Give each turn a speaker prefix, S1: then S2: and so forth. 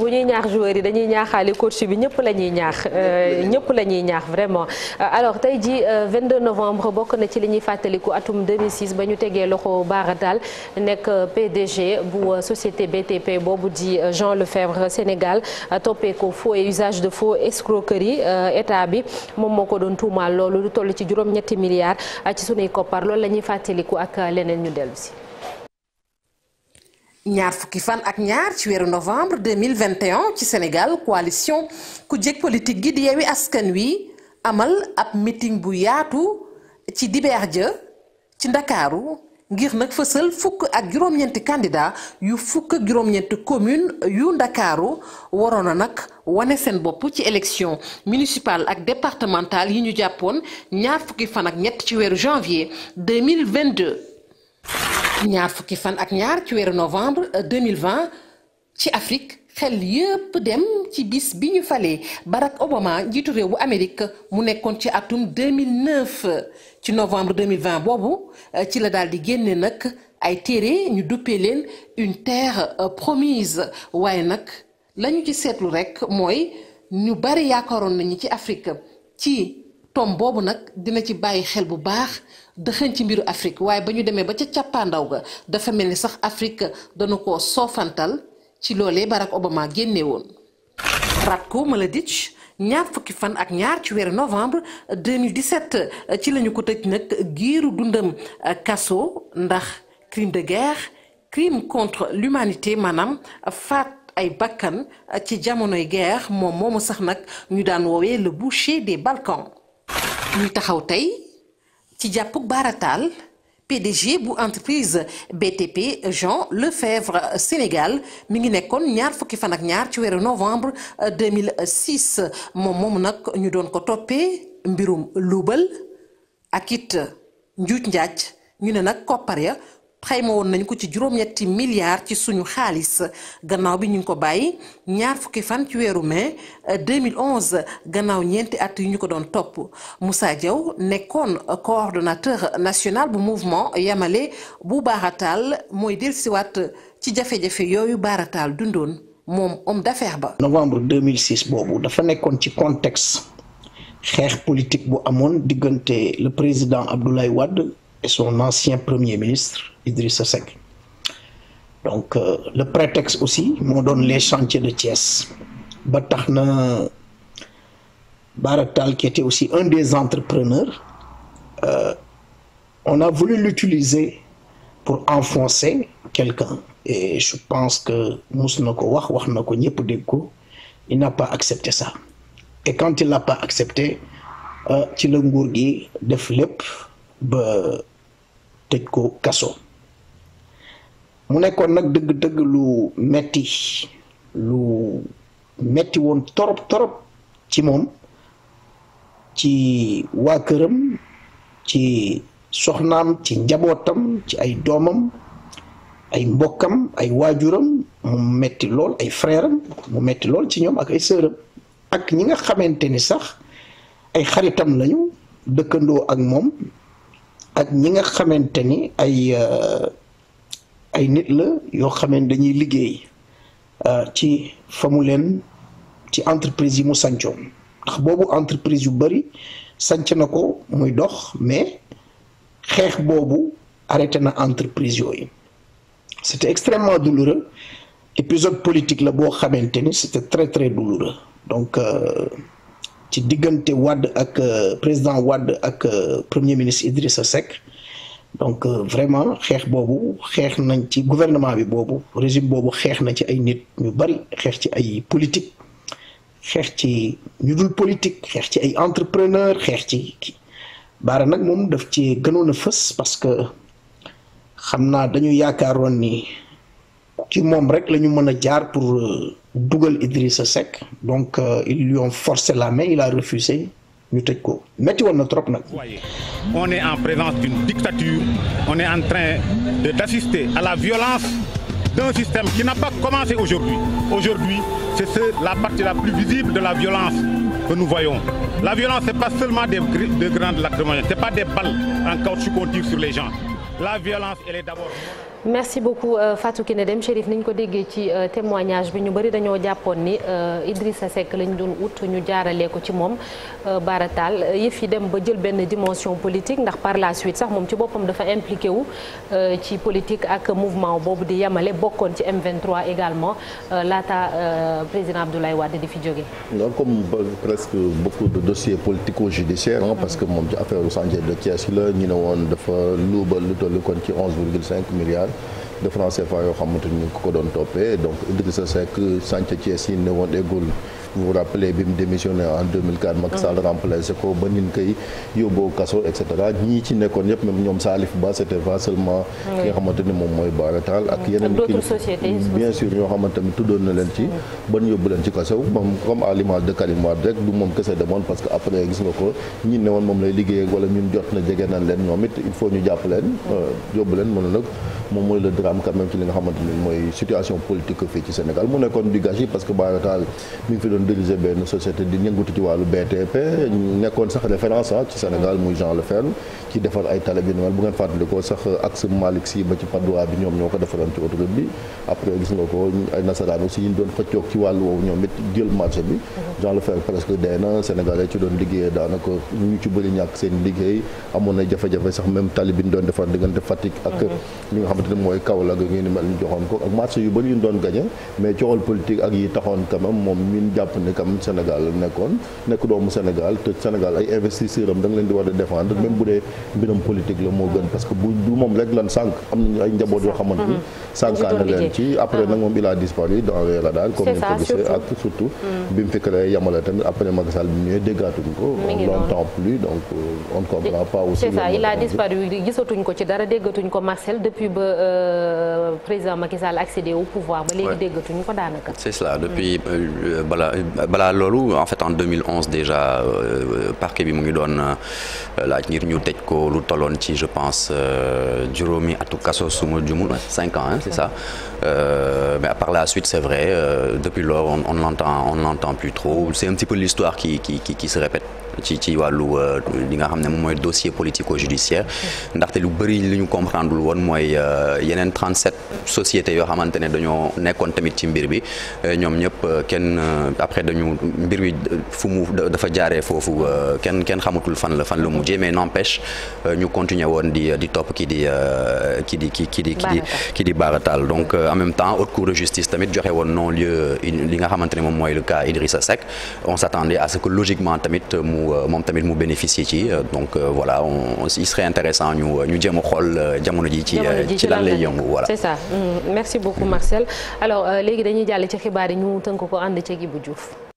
S1: bu ñuy ñaax joueurs yi dañuy ñaaxaale coach bi ñëpp la ñuy ñaax euh, ñëpp la ñuy ñaax vraiment euh, alors tey ji 22 euh, novembre bokk na ci li ñuy fàttaliku atum 2006 ba ñu tegee loxo Bara Tall nekk PDG bu société BTP boobu di Jean Lefebvre Sénégal toppeeku ko faux et usage de faux escroquerie état bi moom moo ko doon tuumaal loolu lu toll ci juróom-ñetti milliards ci sunuy koppar loolu la ñuy fàttaliku ak leneen ñu dellu si
S2: ñaar fukki fan ak ñaar ci weeru novembre 2021 ci Sénégal coalition ku jég politique gi di Yewwi Askan Wi amal ab mitin bu yaatu ci dibeer ja ci ndakaaru ngir nag fësal fukk ak juróom-ñeenti candidat yu fukk juróom-ñeenti commune yu ndakaaru waroon na nag wane seen bopp ci élection municipale ak départementale yi ñu jàppoon ñaar fukki fan ak ñett ci weeru janvier 2022 ñaar fukki fan ak ñaar ci weeru novembre 2020 euh, ci Afrique xel yépp dem ci bis bi ñu falee Barack Obama njiitu réew bu Amérique mu nekkoon ci atum 2009 ci novembre 2020 boobu euh, ci la daal di génnee nag ay téere ñu duppee leen une terre euh, promise waaye nag lañu ci seetlu rek mooy ñu bari yaakaaroon nañu ci Afrique ci tom boobu nag dina ci bàyyi xel bu baax dëxëñ ci mbiru Afrique waaye ba ñu demee ba ca càppaandaw ga dafa mel ni sax Afrique dana ko soofantal ci loolee Barack Obama génne woon. Ratko Mladic ñaar fukki fan ak ñaar ci weeru novembre 2017 ci lañu ko tëj nag giiru dundam kaso ndax crime de guerre crime contre l'humanité maanaam faat ay bakkan ci jamonoy guerre moom moomu sax nag ñu daan woowee le boucher des Balkans. ñuy taxaw tey. ci jàppug baarataal PDG bu entreprise BTP Jean Lefebvre Sénégal mu ngi nekkoon ñaar fukki fan ak ñaar ci weeru novembre 2006 euh, moom moomu nag ñu doon ko toppee mbirum luubal ak it njuuj njaaj ñu ne nag koppar ya xayma woon nañ ko ci juróom-ñetti milliards ci suñu xaalis gannaaw bi ñu ngi ko bàyyi ñaar fukki fan ci weeru mai 2011 euh, gannaaw ñeenti at yu ñu ko doon topp Moussa Diaw nekkoon coordonnateur national bu mouvement yamale bu baarataal mooy dellusiwaat ci jafe-jafe yooyu baarataal dundoon moom homme dafeex ba.
S3: novembre 2006 boobu dafa nekkoon ci contexte xeex politique bu amoon diggante le président Abdoulaye wadd et son ancien premier ministre Idrissa Seck donc euh, le prétexte aussi moo doon les chantiers de Thiès ba tax na Baratal qui était aussi un des entrepreneurs euh, on a voulu l'utiliser pour enfoncer quelqu'un et je pense que mus na ko wax wax na ko ñëpp dégg ko il n'a pas accepté ça et quand il l'a pas accepté euh, ci la nguur gi def lépp tëj ko kaso mu nekkoon nag dëgg-dëgg lu metti lu metti woon torop torop ci moom ci waa këram ci soxnaam ci njabootam ci ay doomam ay mbokkam ay waajuram mu metti lool ay frèram mu metti lool ci ñoom ak ay sëram ak ñi nga xamante ni sax ay xaritam lañu dëkkandoo ak moom ak ñi nga xamante ni ay euh, ay nit la yoo xamante dañuy liggéey euh, ci fa leen ci entreprise yi mu sancoon ndax boobu entreprise yu bari sanc na ko muy dox mais xeex boobu arrêté na entreprise yooyu c'était extrêmement douloureux épisode politique la boo xamante ni c'était très très douloureux donc euh, ci diggante Wade ak euh, président Wade ak euh, premier ministre Idrissa Seck donc euh, vraiment xeex boobu xeex nañ ci gouvernement bi boobu régime boobu xeex na ci ay nit ñu bari xeex ci ay politique xeex ci ñu dul politique xeex ci ay entrepreneur xeex ci baara nag moom def ci gënoon a fës parce que xam naa dañu yaakaaroon nii ci moom rek la ñu mën a jaar pour euh, dugal Idrissa Seck donc euh, ils lui ont forcé la main il a refusé ñu tëj ko métti na trop nag. on est en présence d'une dictature on est en train de d'assister à la violence d'un système qui n'a pas commencé aujourd'hui aujourd'hui c'est ce, la partie la plus la violence que nous voyons la violence c'est pas seulement des de grandes lacrymogènes c'est pas des balles en caoutchouc qu'on sur les gens la violence est d'abord
S1: merci beaucoup euh, Fatou Kiné Deme Chérif ni ñu ko déggee ci euh, témoignage bi ñu bari dañoo jàppoon ni euh, Idrissa Seck lañ doon ut ñu jaaralee ko ci moom Baratal yëf yi dem ba jël benn dimension politique ndax par la suite sax moom ci boppam dafa impliqué wu ci politique ak mouvement boobu di yamale bokkoon ci m également laata président Abdoulaye Wade di fi jóge.
S4: non comme presque beaucoup de dossiers politico-judiciaires parce que moom ci affaire Sandiara de Thiès la ñu lu toll kon ci 11,5 milliards. milliards de francs CFA yoo xamante ni ko doon toppee donc Idrissa Seck chantier Thiès yi ne woon eggul vous vous rappelez bi mu démissionné en 2004 Macky Sall remplacé ko ba nin koy yóbboo kaso et cetera ñii ci nekkoon yëpp même ñoom Salif Ba c'était pas seulement ki nga xamante ni moom mooy Bara Tall ak mm-hmm. yeneen bien sûr ñoo xamante ni tuddoon na leen ci mm-hmm. ban yóbbu leen ci kaso moom comme à l'image de Karim Wade rek du moom kese demoon parce que après gis nga ko ñi ne woon moom lay liggéey wala ñun jot na jege nañ leen ñoom it il faut ñu jàpp leen mm-hmm. euh, yóbbu leen mën nag moom mooy le drame quand même ci li nga xamante ni mooy situation politique fii ci Sénégal mu nekkoon du gâchis parce que Bara Tall mi ngi fi doon diriger benn société di yëngatu ci wàllu BTP nekkoon sax référence a ah, ci Sénégal muy Jean Lefebvre ci defar ay tali bi ni mel bu ngeen fàttalikoo sax axe Malick Sy ci Padoa bi ñoom ñoo ko defaroon ci autoroute bi après gis nga ko ay nasaraan aussi ñu doon xëccoog ci wàllu woowu ñoom it jël marché bi mhm. Jean Lefebvre presque dee na Sénégal ci doon liggéeyee daanaka ñu ci bëri ñàkk seen liggéey amoon na jafe-jafe sax même tali bi doon defar diggante Fatick ak mhm. li nga xamante ne jàpp ne kam Sénégal la nekkoon nekk doomu Sénégal te Sénégal ay investisseurs am da nga leen di war a défendre même bu dee mbiram la moo parce que mm-hmm. mm-hmm. a disparu dans ko gisee ak surtout mm-hmm. bi mu fi créé yamale tamit après Macky Sall bi ñëwee déggaatuñ ko on l'entend plus donc euh,
S5: on ne comprend pas c'est ça il a disparu
S1: gisatuñ ko ci dara déggatuñ ko Marcel depuis ba euh, président Macky accédé au pouvoir ba léegi déggatuñ ko daanaka
S5: Euh, balaa loolu en fait en 2011 déjà euh, parquet bi mu ngi doon euh, laaj ngir ñu tëj ko lu tolloon ci je pense juróomi atu kaso suma jumul cinq ans c'est ça mais par la suite c'est vrai depuis lors on on l'entend on l'entend plus trop c'est un petit peu l'histoire qui se répète ci ci wàllu euh, li nga xam ne moom mooy dossier politico judiciaire ndaxte lu bëri li ñu comprendre lul woon mooy euh, yeneen 37 sociétés yoo xamante ne dañoo nekkoon tamit ci mbir bi euh, ñoom ñëpp kenn après dañu mbir bi fu mu dafa jaare foofu kenn kenn xamutul fan la fan la mu mais n'empêche ñu continuer woon di di topp ki di ki di ki ki di ki di ki di baarataal donc en même temps haute cour de justice tamit joxe woon non lieu li nga xamante ne moom mooy le cas a Seck on s'attendait à ce Euh, moom tamit mu bénéficier ci euh, donc euh, voilà on il serait intéressant ñu ñu jéem a xool jamono ji ci ci lan lay yëngu voilà. c'est
S1: ça mm-hmm. merci beaucoup Marcel alors léegi dañuy jàll ci xibaar yi ñu tënk ko ànd ceegi bu Diouf.